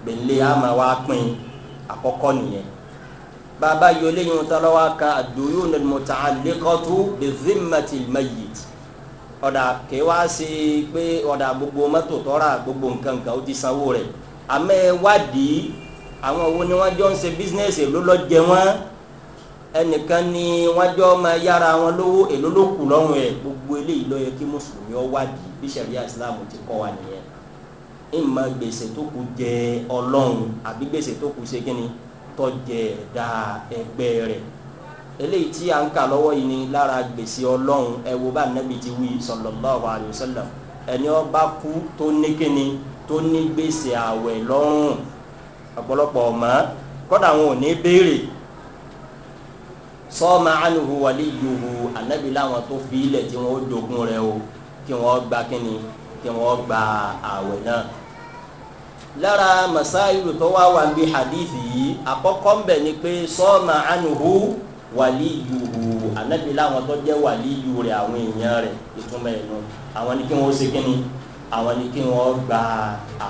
gbèlè àmà wa pin àkọ́kọ́ nìyẹn bàbá yọ eléyìí wọn tọ́lọ́wọ́ kan àdúyò ní mùtàlẹ́kọ̀ tó lè zimmati mayit ọ̀dà ké wá sí i pé ọ̀dà gbogbo mọ́tò tọ́ra gbogbo nǹkan nǹkan ó ti sanwó rẹ̀ àmọ́ ẹ wádìí àwọn owó ni wọ́n jọ ń ṣe bísínẹ́sì èló lọ jẹ wọ́n ẹnìkan ni wọ́n jọ máa yára wọn lówó èló ló kù lọ́rùn ẹ̀ gbogbo eléyìí ló kí mùsùlùmí ọ wádìí bí sẹ̀ríà ìsìláàmù ti kọ́ wa nìyẹn ìmọ̀ gbèsè tó kù jẹ ọlọ́run àbí gbèsè tó kù ṣe kí ni tọ́jẹ̀ dá ẹgbẹ́ rẹ̀ eléyìí tí a ń kà lọ́wọ́ yìí ni lára gbèsè ọlọ́run ẹ wo bá nẹ́bi ti wí sọlọ́láhu alyosẹ́lẹ̀ ẹni ọba kú tó ní kíni tó ní gbèsè àwẹ̀ lọ́rùn ọ̀pọ̀lọpọ̀ ọ̀mọ́ kọ́dà àwọn ò ní béèrè sọ́ọ̀mà ànuhu wàlí yuhu ànábì láwọn tó fi ilẹ̀ tí wọ́n dogun rẹ̀ o kí wọ́n gba kíni kí wọ́n gba àwẹ̀ náà lára masáyìlú tó wá wà ń bí hadith yìí àkọ́kọ́ ń wàlí yuhu anabi láwọn tó jẹ́ wàlí yuhu rẹ̀ àwọn èèyàn rẹ̀ ìtumọ̀ ẹ̀ nù àwọn ni kí wọ́n ṣe kí ni àwọn ni kí wọ́n gba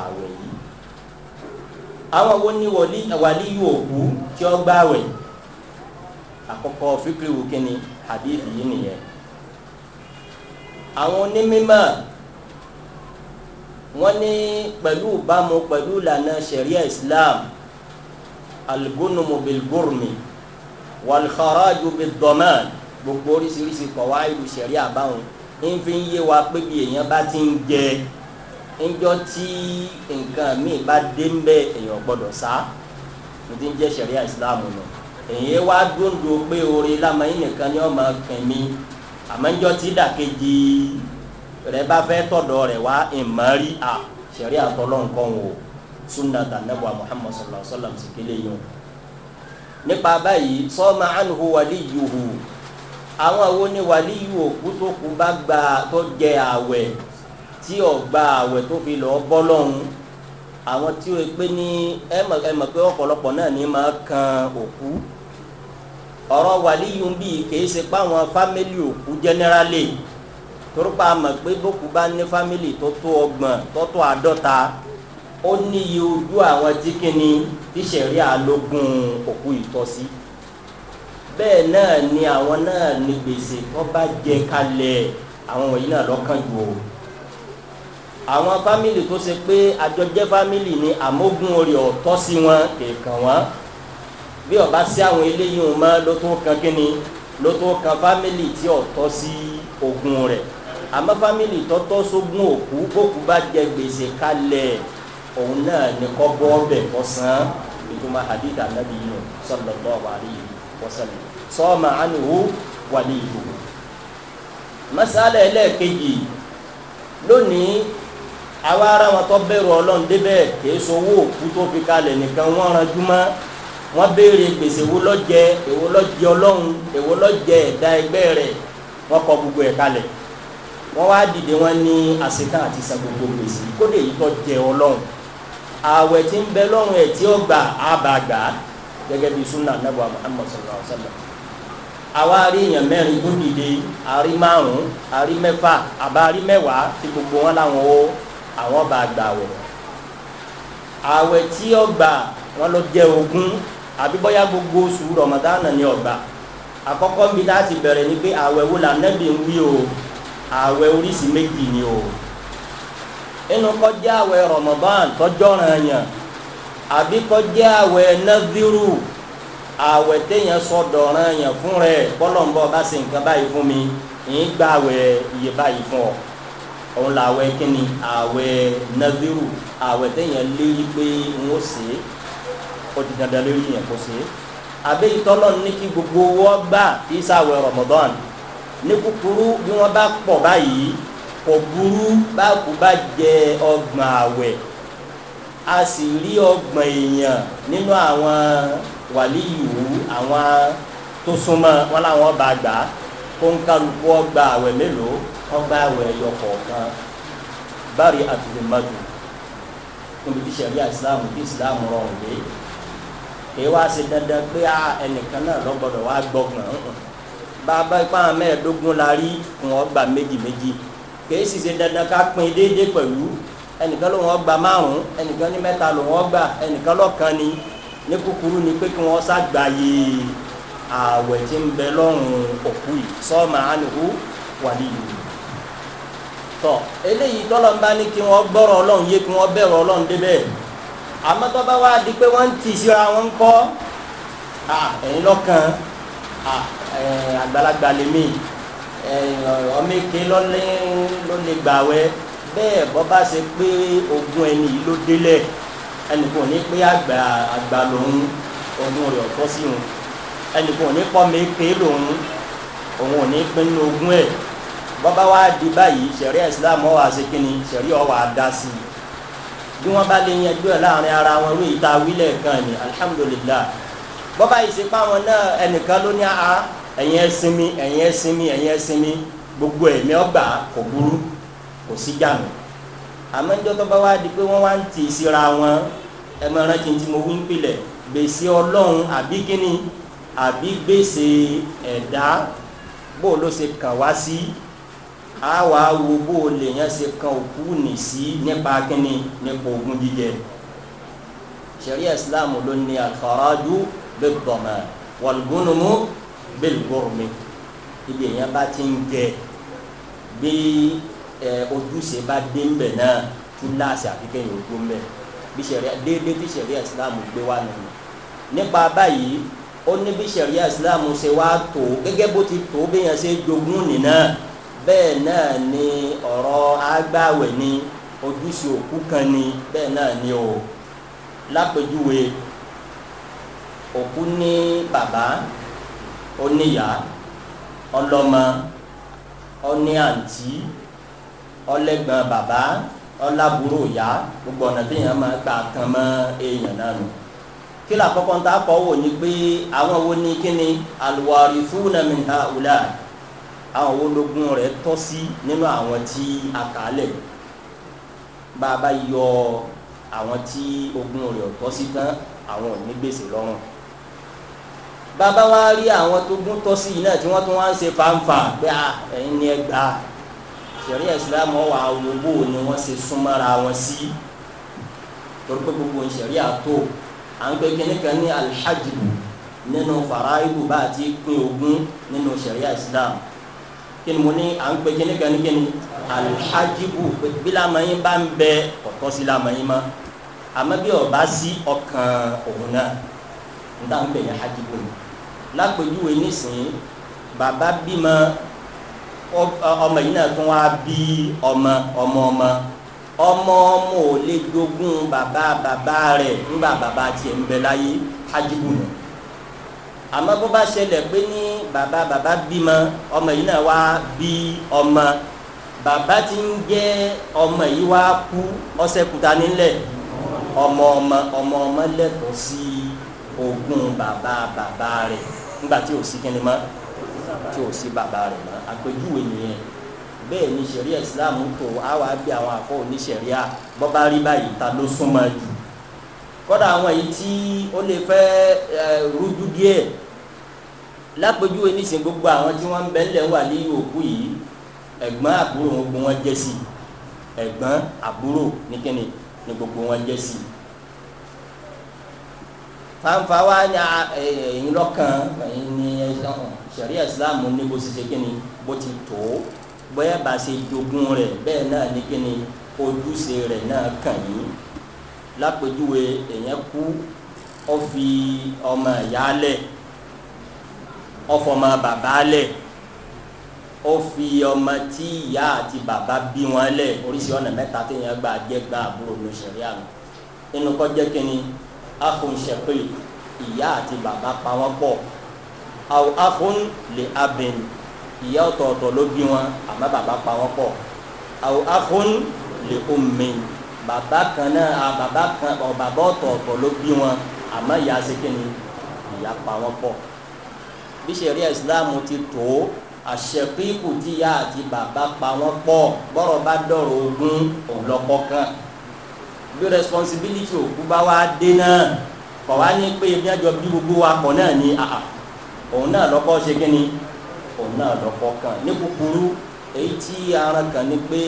àwẹ̀ yìí àwọn wo ni wàlí yuhu òkú tí wọ́n gba àwẹ̀ àkọ́kọ́ fíkìrìwò kí ni hadith yìí nìyẹn àwọn onímọ̀ wọ́n ní pẹ̀lú ìbámu pẹ̀lú ìlànà sharia islam algonomo bilgormi. Al wàlùkọ́rọ́jù bí dọ́mán gbogbo oríṣiríṣi kọ̀wá ìlú sẹ̀rí àbáwọn ń fi ń yé wa pé bí èèyàn bá ti ń jẹ ńjọ tí nǹkan míì bá dé ń bẹ èèyàn gbọ́dọ̀ sá mo ti ń jẹ́ sẹ̀rí àìsílámù nù èyí wá dúndùn pé oore lámàyín nìkan ni ọmọ kàn mí àmọ́ ńjọ tí dàkejì rẹ bá fẹ́ tọ̀dọ̀ rẹ wá ìmọ̀rí à sẹ̀rí àtọ́lọ́ wò sunnata nebo muhammadu sallallahu alaihi wa sallam sì kélé nípa báyìí sọ́ọ́mà ànúhù wàlíyùhù àwọn wo ni wàlíyù òkú tó kú bá gba tó jẹ àwẹ̀ tí ò gba àwẹ̀ tó fi lọ́ọ́ bọ́ lọ́hùn àwọn tí o pé ní ẹ mọ̀ pé ọ̀pọ̀lọpọ̀ náà ní máa kan òkú ọ̀rọ̀ wàlíyù bíi kìí ṣe páwọn fámìlì òkú jẹ́nẹ́rálì torípa mọ̀ pé bókú bá ní fámìlì tó tó ọgbọ̀n tó tó àádọ́ta ó níye ojú àwọn tí kíni tí sẹ̀rí àlógún òkú ìtọ́sí bẹ́ẹ̀ náà ni àwọn náà ní gbèsè tó bá jẹ kalẹ̀ àwọn wọ̀nyí náà lọ́kàn jù o àwọn fámìlì tó ṣe pé àjọjẹ́ fámìlì ni àmógún orí ọ̀tọ́ sí wọn kẹ̀kàn wọn bí ọba sí àwọn eléyìí wọn mọ́ ló tó kan kíni ló tó kan fámìlì tí ọ̀tọ́ sí ogún rẹ̀ àmọ́ fámìlì tọ́tọ́ sógún òkú bókú bá jẹ gbèsè kalẹ̀ òun náà ní kọ́ bọ́ bẹ̀ kọ́ san ìtumọ̀ hadith anabi yìí sallallahu alayhi wa sallam sọ́ọ̀mà ànihu wàlíyù. masala ẹlẹ́ẹ̀kejì lónìí àwa ara wọn tó bẹ̀rù ọlọ́run débẹ̀ kìí sowó òkú tó fi kalẹ̀ nìkan wọ́n ranjú mọ́ wọ́n béèrè gbèsè wo lọ́jẹ èwo lọ́jẹ ọlọ́run èwo lọ́jẹ ẹ̀dá ẹgbẹ́ rẹ̀ wọ́n kọ gbogbo ẹ̀ kalẹ̀ wọ́n wá dìde wọn ní àṣetán àti san gbogbo gbèsè kódé yìí tó jẹ ọlọ́run àwẹ̀ tí ń bẹ lọ́rùn ẹ̀ tí ó gbà á bá gbà á gẹ́gẹ́ bí sunna nebo Muhammad sallallahu alaihi wa sallam àwa rí èèyàn mẹ́rin tó dìde àrí márùn-ún àrí mẹ́fà àbá àrí mẹ́wàá tí gbogbo wọn làwọn ó àwọn bá gbà wọ̀ àwẹ̀ tí ó gbà wọn lọ jẹ ogún àbí bóyá gbogbo oṣù Ramadan ni ó gbà àkọ́kọ́ bí láti bẹ̀rẹ̀ ni pé àwẹ̀ wo là ń wí o àwẹ̀ oríṣi méjì ni o inú kọjá àwẹ̀ Ramadan tọjọ́ràn yẹn àbí kọjá àwẹ̀ nàdírù àwẹ̀ téèyàn sọdọ̀ràn yẹn fún rẹ̀ bọ́lọ̀nbọ́ bá ṣe nǹkan báyìí fún mi yìí gba àwẹ̀ iye báyìí fún ọ òun là àwẹ̀ kínní àwẹ̀ nàdírù àwẹ̀ téèyàn lérí pé n ó ṣe é ti dandan lórí yẹn kó ṣe é àbí ìtọ́lọ́ gbogbo wọ́n gbà kí sáwẹ̀ Ramadan ní kúkúrú bí wọ́n bá pọ̀ báyìí kò burú báàkú bá jẹ ọgbọ̀n àwẹ̀ a sì rí ọgbọ̀n èèyàn nínú àwọn wàlíyù àwọn tó súnmọ́ wọn làwọn bá gbà á kó ń kálukú ọgbà àwẹ̀ mélòó ọgbà àwẹ̀ ẹ̀yọkọ̀ọ̀kan bari abdulmadu níbi tí sẹ̀ríà islam bí islam rọrùn dé èyí wá ṣe dandan pé ẹnìkan náà lọ́gbọ́dọ̀ wá gbọ́gbọ̀n bàbá ipá mẹ́ẹ̀ẹ́dógún la rí wọn gbà méjì méjì kìí sì ṣe dandan ká pin déédéé pẹ̀lú ẹnìkan ló wọn gba márùn ẹnìkan ní mẹ́ta ló wọn ẹnìkan lọ́kan ni ní kúkúrú ni pé kí wọ́n ṣàgbáyé ààwẹ̀ tí ń bẹ lọ́rùn òkú yìí sọ́ọ̀mà ánìkú wàlí yìí tọ́ eléyìí tọ́lọ́ ń bá ní kí wọ́n gbọ́rọ̀ ọlọ́run yé kí wọ́n bẹ̀rọ̀ ọlọ́run débẹ̀ àmọ́ bá wá di pé wọ́n ń tì síra wọn kọ́ ẹ̀yin lọ́kàn àgbàlagbà lèmi yìí ọmọ èké ló lè gbàwẹ́ bẹ́ẹ̀ bọ́ bá ṣe pé ogun ẹni yìí ló délẹ̀ ẹnìkan ní pé àgbà àgbà lòun ogun rẹ̀ ọ̀tọ́ sí òun ẹnìkan ní pọ́ mi pé lòun òun ò ní pín ní ogun ẹ̀ bọ́bá wa di báyìí sẹ̀rí islam ọ̀wà ṣe kínni sẹ̀rí ọ̀wà dá sí i bí wọ́n bá lè yanjú ẹ̀ láàrin ara wọn lóyìí tá a wílẹ̀ kan ni alihamudulilayi bọ́bá yìí ṣe pé àwọn náà ẹnìkan ló ní a ẹ̀yin ẹ̀sìn mi ẹ̀yin ẹ̀sìn mi ẹ̀yin ẹ̀sìn mi gbogbo ẹ̀mí ọgbà kò burú kò sí jàmù àmọ́ ní ọjọ́ bá wá di pé wọ́n wá ń tì í síra wọn ẹ máa rántí tí mo wí ń pilẹ̀ gbèsè ọlọ́run àbí kíni àbí gbèsè ẹ̀dá bó ló ṣe kàn wá sí a wàá wo bó lèèyàn ṣe kan òkú nì sí nípa kíni nípa ogun jíjẹ sẹ̀rí ẹ̀sìláàmù ló ní àfọ̀rọ̀dù bẹ́ẹ̀ bọ̀mọ̀ wọ̀lùgúnnùmù bẹ́ẹ̀ gbọ́rọ̀mẹ́ ibi èèyàn bá ti ń jẹ bí ojúṣe bá dé ń bẹ̀ náà tún láàṣẹ àfikẹ́yìn ojú ń bẹ̀ bí sẹ̀ríà déédéé tí sẹ̀ríà ìsìláàmù gbé wá nù nípa báyìí ó ní bí sẹ̀ríà ìsìláàmù ṣe wá tó gẹ́gẹ́ bó ti tó béèyàn ṣe jogún nìna bẹ́ẹ̀ náà ni ọ̀rọ̀ agbáwẹ̀ ni ojúṣe òkú kan ni bẹ́ẹ̀ náà ni o lápèjúwe òkú ní bàbá ó níyà ọlọ́mọ ọní àǹtí ọlẹ́gbọ̀n bàbá ọlábùrò ìyá gbogbo ọ̀nà tí èèyàn máa gbà kan mọ́ èèyàn náà nù kí ló àkọ́kọ́ ń ta kọ́ wò ni pé àwọn wo ni kí ni alwarithuna min haula àwọn wo lógún rẹ̀ tọ́ sí nínú àwọn tí a kà á lẹ̀ bá a bá yọ àwọn tí ogún rẹ̀ tọ́ sí tán àwọn ò ní gbèsè lọ́rùn bàbá wa rí àwọn tó gún tọ́ sí yìí náà tí wọ́n tún wá ń ṣe fàǹfà pé ẹ̀yin ni ẹ gbà á sẹ̀rí ìsìlámù ọ̀wà awogbo ni wọ́n ṣe súnmọ́ra wọn sí torí pé gbogbo ìṣẹ̀rí àtó à ń pẹ́ kíní ní alhajibu nínú faraibu bá àti pín ogún nínú sẹ̀rí ìsìlámù kí ni mo ní à ń pẹ́ kíní kan ní kíni alhajibu bí lamẹ́yìn bá ń bẹ ọ̀tọ́ sí lamẹ́yìn mọ́ àmọ́ bí ọba sí ọkàn òun náà ń dá ń pè ní hajibu ni lápèjúwe nísìnyí bàbá bímọ ọmọ yìí náà tún wá bí ọmọ ọmọ ọmọ ọmọ ọmọ ò lè jogún bàbá bàbá rẹ̀ nígbà bàbá tiẹ̀ ń bẹ láyé hajjibu nù àmọ́ bó bá ṣẹlẹ̀ pé ní bàbá bàbá bímọ ọmọ yìí náà wá bí ọmọ bàbá ti ń jẹ́ ọmọ yìí wá kú ọsẹ nílẹ̀ ọmọ ọmọ ọmọ ọmọ lẹ́tọ̀ọ́ sí ogún bàbá bàbá rẹ̀ ńgbà tí ò sí kíni mọ́ tí ò sí bàbá rẹ̀ mọ́ àpèjúwe nìyẹn bẹ́ẹ̀ ni sẹ̀ríà ìsìláàmù tó a wá bí àwọn àfọ oníṣẹ̀ríà bọ́bá rí báyìí ta ló súnmọ́ jù kọ́dà àwọn èyí tí ó lè fẹ́ rújú díẹ̀ lápèjúwe nísìnyí gbogbo àwọn tí wọ́n bẹ ńlẹ̀ wà ní òkú yìí ẹ̀gbọ́n àbúrò wọn gbogbo wọn jẹ́ sí ẹ̀gbọ́n àbúrò ní kíni ni gbogbo wọn jẹ́ sí fanfa wa ni ẹ̀yin lọ́kàn ẹ̀yin ni sariya islam ní bó ti ṣe kí ni bó ti tó bóyá bá ṣe jogún rẹ̀ bẹ́ẹ̀ náà ní kí ni ojúṣe rẹ̀ náà kàn yín lápèjúwe èèyàn kú ó fi ọmọ ìyá lẹ̀ ó fọmọ bàbá lẹ̀ ó fi ọmọ tí ìyá àti bàbá bí wọn lẹ̀ oríṣi ọ̀nà mẹ́ta téèyàn gbà jẹ́ gbà àbúrò lóṣèlú àná inú kọ́ jẹ́ kí akun ṣẹpẹ ìyá àti bàbá pa wọn pọ̀ àwọn akun lè abẹn ìyá ọ̀tọ̀ọ̀tọ̀ ló bí wọn àmọ́ bàbá pa wọn pọ̀ àwọn akun lè omen bàbá kan náà bàbá kan ọ bàbá ọ̀tọ̀ọ̀tọ̀ ló bí wọn àmọ́ ìyá sekeni ìyá pa wọn pọ̀ bí sẹ̀rí ìsìláàmù ti tó àṣẹpẹ́ ikú àti bàbá pa wọn bọ́rọ̀ bá dọ̀rọ̀ ogún òun kan bí responsibility òkú bá wá dé náà kọ̀ wá ní pé ebi àjọ bí gbogbo wa pọ̀ náà ni àà òun náà lọ́kọ́ ṣe kí ni òun náà lọ́kọ́ kan ní kúkúrú èyí tí ara kan ni pé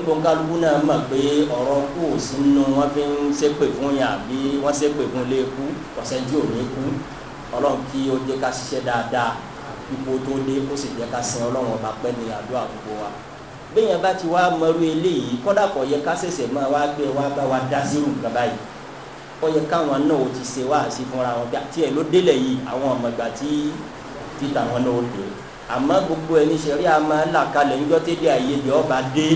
ngbọ̀nkálukú náà mọ̀ pé ọ̀rọ̀ kù sínú wọn fi ń ṣépè fún yàn àbí wọ́n ṣépè fún ilé kú ọ̀sẹ̀ ò ní kú ọlọ́run kí ó jẹ́ ká ṣiṣẹ́ dáadáa ipò tó dé ó sì jẹ́ ká sin ọlọ́run ọba pẹ́ ní àdúrà gbogbo wa bẹ́ẹ̀yàn bá ti wá mọ̀rú eléyìí kọ́dà kọ̀ yẹ ká ṣẹ̀ṣẹ̀ máa wá gbé wá bá wa dá sí irú nǹkan báyìí ó yẹ káwọn náà ó ti ṣe wá sí fúnra wọn gbà tiẹ̀ ló délẹ̀ yìí àwọn ọ̀mọ̀gbà tí títà wọn náà ó dé àmọ́ gbogbo ẹni sẹ̀rí a máa là kalẹ̀ ńjọ́ tẹ́lẹ̀ àyèdè ọba dé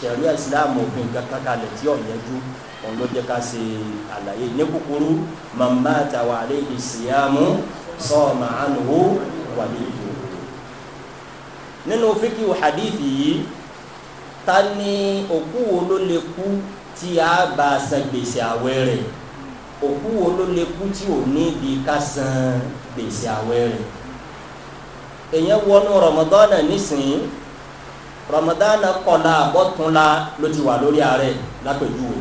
sẹ̀rí ìsìláàmù òfin kankan kalẹ̀ tí ò yẹjú òun ló jẹ́ ká ṣe àlàyé ní kúkúrú màmá àtàwọn àlẹ́ sọ̀ọ̀mà ànúwó wà ní ìlú nínú fíkì hadithi yìí ta ni òkú wo ló lè kú tí a bá san gbèsè àwẹ̀ rẹ̀ òkú wo ló lè kú tí ò ní ibi ká san gbèsè àwẹ̀ rẹ̀ èyàn wọnú rọmọdọ́nà nísìnyí rọmọdọ́nà kọlá àbọ̀túnla ló ti wà lórí ààrẹ lápèjúwe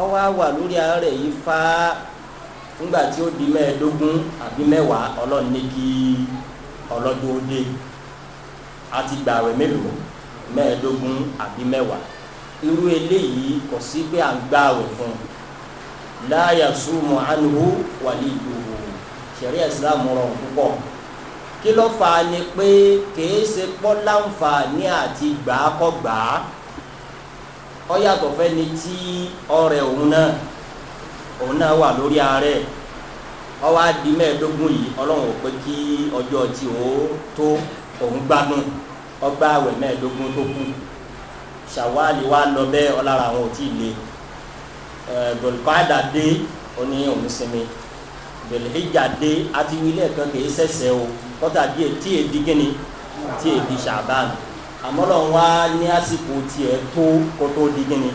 ọ wá wà lórí ààrẹ yìí fá nígbà tí ó di mẹ́ẹ̀ẹ́dógún àbí mẹ́wàá ọlọ́run ọlọ́dún ó dé a ti gbààwẹ̀ mélòó mẹ́ẹ̀ẹ́dógún àbí mẹ́wàá irú eléyìí kò sí pé à ń gbá rẹ̀ fún un láyà súnmọ́ ànúhù wàlí ìdòwò sẹ̀rí ẹ̀sìlámù rọrùn púpọ̀ kí ló fà á ni pé kìí ṣe pọ́ láǹfààní àti gbàákọ́gbà ọ yàtọ̀ fẹ́ni tí òun náà òun náà wà ọgbà àwẹ̀ mẹ́ẹ̀ẹ́dógún tó kù ṣàwálì wa lọ bẹ́ẹ̀ ọlára àwọn ò tí ì le bọ̀lùkọ́dà dé ó ní òun sinmi bẹ̀lẹ́hìjà dé àti wílẹ̀ kan kì í sẹ̀sẹ̀ o kọ́tà díẹ̀ tí èdè gíní tí èdè ṣàbán àmọ́ lọ́n wá ní àsìkò tiẹ̀ tó kótó di gíní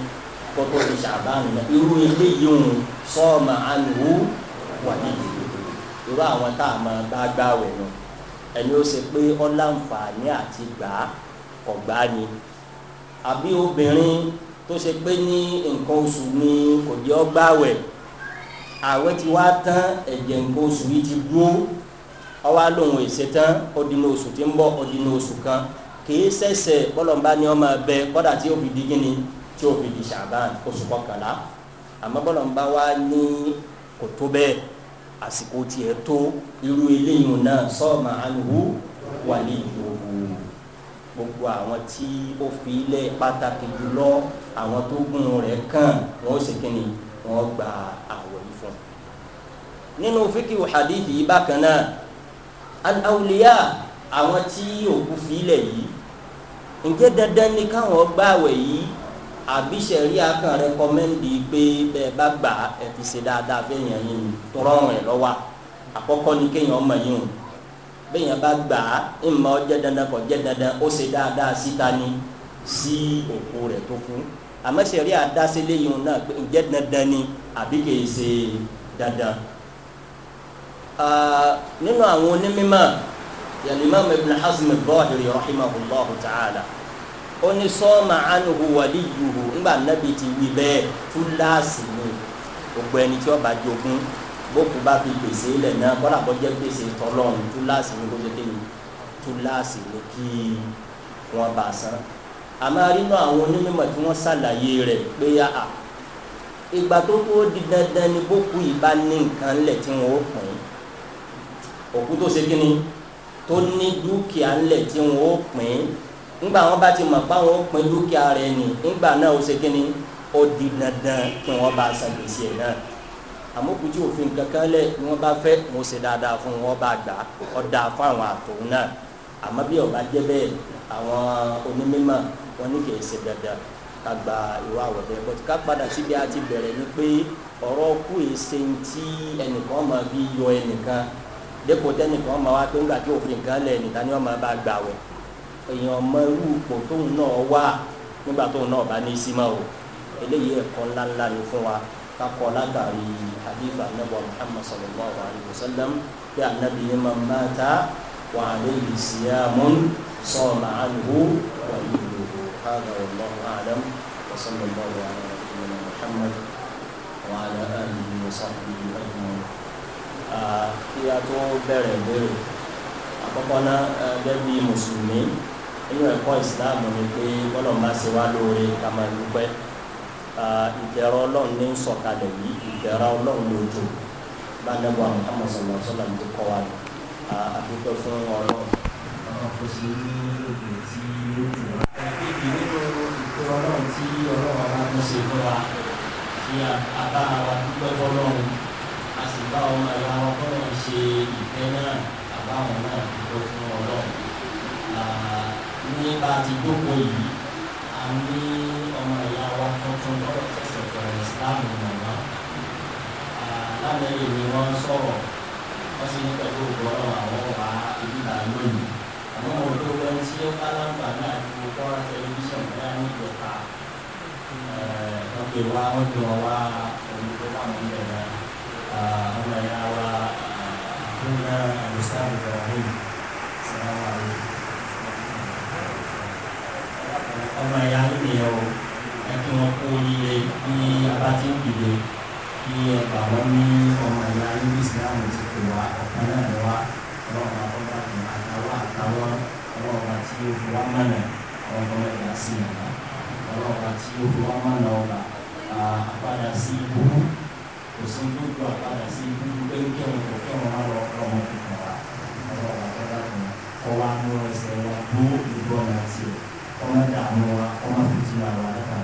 kótó di ṣàbán irú eléyìí òun sọ́ọ̀mà ànúwò wà nídìí irú àwọn tá a máa bá gbáwẹ̀ náà ẹni ó ṣe pé ọ̀làǹfààní àti gbà á ọ̀gbá ni àbí obìnrin tó ṣe pé ní nǹkan oṣù ni kò jẹ́ ọgbà wẹ̀ àwẹ̀ ti wá tán ẹ̀jẹ̀ nǹkan oṣù yìí ti dúró ọwọ́ alóhùn èsè tán oṣù tí ń bọ̀ ọdínú oṣù kan kìí sẹ̀sẹ̀ bọ́lọ̀mbá ni ọmọ ẹbẹ kọ́dà tí ó di gíní tí ó di ṣàbán oṣù kọkànlá àmọ́ bọ́lọ̀mbá wa ní kò tó bẹ́ẹ̀ àsìkò tiẹ̀ tó irú eléyìí náà sọ́ọ̀mà àlùhù wà ní ìlòwò gbogbo àwọn tí ó fi ilẹ̀ pàtàkì jùlọ àwọn tó gùn rẹ̀ kàn wọ́n sì kíni wọ́n gba àwọ̀ yìí fún un. nínú fíkìwù hadithi yìí bákan náà aláwùlíyà àwọn tí òkú fi ilẹ̀ yìí ǹjẹ́ dandan ni káwọn gbàwẹ̀ yìí àbí sẹ̀rí akàn rẹ́kọ́mẹ́ndì pé bẹ́ẹ̀ bá gbà ẹ̀ fi ṣe dáadáa fẹ́yàn yìí tọrọ rẹ̀ lọ́wọ́ àkọ́kọ́ ni kéèyàn ọmọ yìí o bẹ́yàn bá gbà á ìmọ̀ ọjẹ́ dandan kọ̀ jẹ́ dandan ó ṣe dáadáa síta ni sí òkú rẹ̀ tó kú àmọ́ sẹ̀rí àdáṣelé yìí náà jẹ́ dandan ni àbí kìí ṣe dandan. nínú àwọn onímọ̀ yàrá Imam Ibn Hazm al-Zahiri rahimahullahu ta'ala ó ní sọ́ọ̀mà anuhu wàlí yuhu ńgbà nábì ti wí bẹ́ẹ̀ túláàsì ni gbogbo ẹni tí ọba jogún bókun bá fi gbèsè lẹ̀ náà kọ́lá kọ́ jẹ́ gbèsè tọ́lọ́run túláàsì ni kó jẹ́ kéwì túláàsì ni kí wọ́n bá san àmọ́ arínú àwọn onímọ̀ tí wọ́n ṣàlàyé rẹ̀ pé yá à ìgbà tó tó di dandan ni bókun ìbá ní nǹkan lẹ̀ tí wọ́n ó pín òkú tó ṣe kí ni tó ní dúkìá ńlẹ̀ tí wọ́n ó pín ńgbà wọn bá ti mọ̀ báwọn ó pin dúkìá rẹ̀ ni ńgbà náà ó ṣe kí ni ó di dandan pé wọ́n bá san gbèsè ẹ̀ náà àmókùtì òfin kankan lẹ̀ ni wọ́n bá fẹ́ mo ṣe dáadáa fún wọn bá gbà ọ́ dáa fún àwọn àtòun náà àmọ́ bí ọba jẹ́ bẹ́ẹ̀ àwọn onímọ̀ wọn ní kì í ṣe dandan ká gba ìwà àwọ̀dẹ bọ́tù ká padà síbi a ti bẹ̀rẹ̀ ni pé ọ̀rọ̀ kù èsè tí ẹnìkan máa fi yọ ẹnìkan dépò tẹnìkan máa wá pé ńgbà tí òfin kan lẹ̀ nìkan ni wọ́n bá gbà wẹ̀ èèyàn mọ irú ipò tóun náà wà nígbà tóun náà bá ní í sí mọ́ o eléyìí ẹ̀kọ́ ńláńlá ni fún wa kakọ látàrí hadith anabi muhammad sallallahu alayhi wa sallam bí anabi yẹn máa bá ta wà lẹ́yìn síyàmún sọ̀rọ̀ àánú wà ìlú hàgà wallahu a'lam wa sallallahu alayhi wa muhammad wa ala alihi wa kí a tó bẹ̀rẹ̀ ìbéèrè àkọ́kọ́ náà gẹ́gẹ́ bí mùsùlùmí nínú ẹ̀kọ́ islam ni pé ọlọ́run bá ṣe wá lóore ká máa dúpẹ́ ìdẹ̀rọ ọlọ́run ní sọ̀kalẹ̀ yìí ìdẹ̀rọ ọlọ́run ló jò bá nẹ́wọ̀ àwọn ọmọ sọ̀rọ̀ sọ̀rọ̀ ní kọ́ wa ni àdúgbò fún ọlọ́run. àwọn kò ní òkè tí ó jù wá. ẹ̀ẹ́dẹ́gbẹ̀ nínú ìpè ọlọ́run tí ọlọ́run ọba tó ṣe fún wa tí a wa dúpẹ́ fọlọ́run a sì bá ọmọ ìyá wọn kọ́ ṣe ìfẹ́ náà àbáwọn náà dúpẹ́ fún ọlọ́run ní bá a ti dóko yìí a ní ọmọ ìyá wa tuntun lọ́rọ̀ tẹ̀sẹ̀ bẹ̀rẹ̀ ìsìláàmù nàmá lálẹ́ èmi wọ́n sọ̀rọ̀ wọ́n sì ní pẹ̀lú ògbọ́rọ̀ àwọn ọba ìdílà lónìí àwọn ọmọ tó wọ́n tí ó bá láǹfààní àti gbogbo ọ̀rọ̀ tẹlifíṣàn bóyá ní ìjọba wọ́n gbé wa wọ́n gbé wọn wá omi tó wà ní ìjọba ọmọ ìyá wa àbúrò náà àbúrò sáà ọmọ ẹ̀yà nìyẹn o ẹ kí wọn kó yíyẹ bí kí ẹ gbà ní ọmọ ẹ̀yà níbi ìsìlámù ti pè wá ọ̀kan náà ni wá ọlọ́run àkọ́kọ́ àti àtàwọn àtàwọn ọlọ́run àti òfin wa mọ̀nà ọ̀gbọ́n ẹ̀yà sí ìyàrá ọlọ́run àti òfin wa mọ̀nà ọ̀gá àpadà sí ìbúrú kò sí tó àpadà sí ìbúrú pé kí wọn kò kí wọn lọ ọmọ kíkọ wa ọlọ́run àkọ́kọ́ àti ọwọ́ àmúrẹsẹ̀ wọn bú ìgbọ́n àti òkú. 我们讲的话，我们自己的话。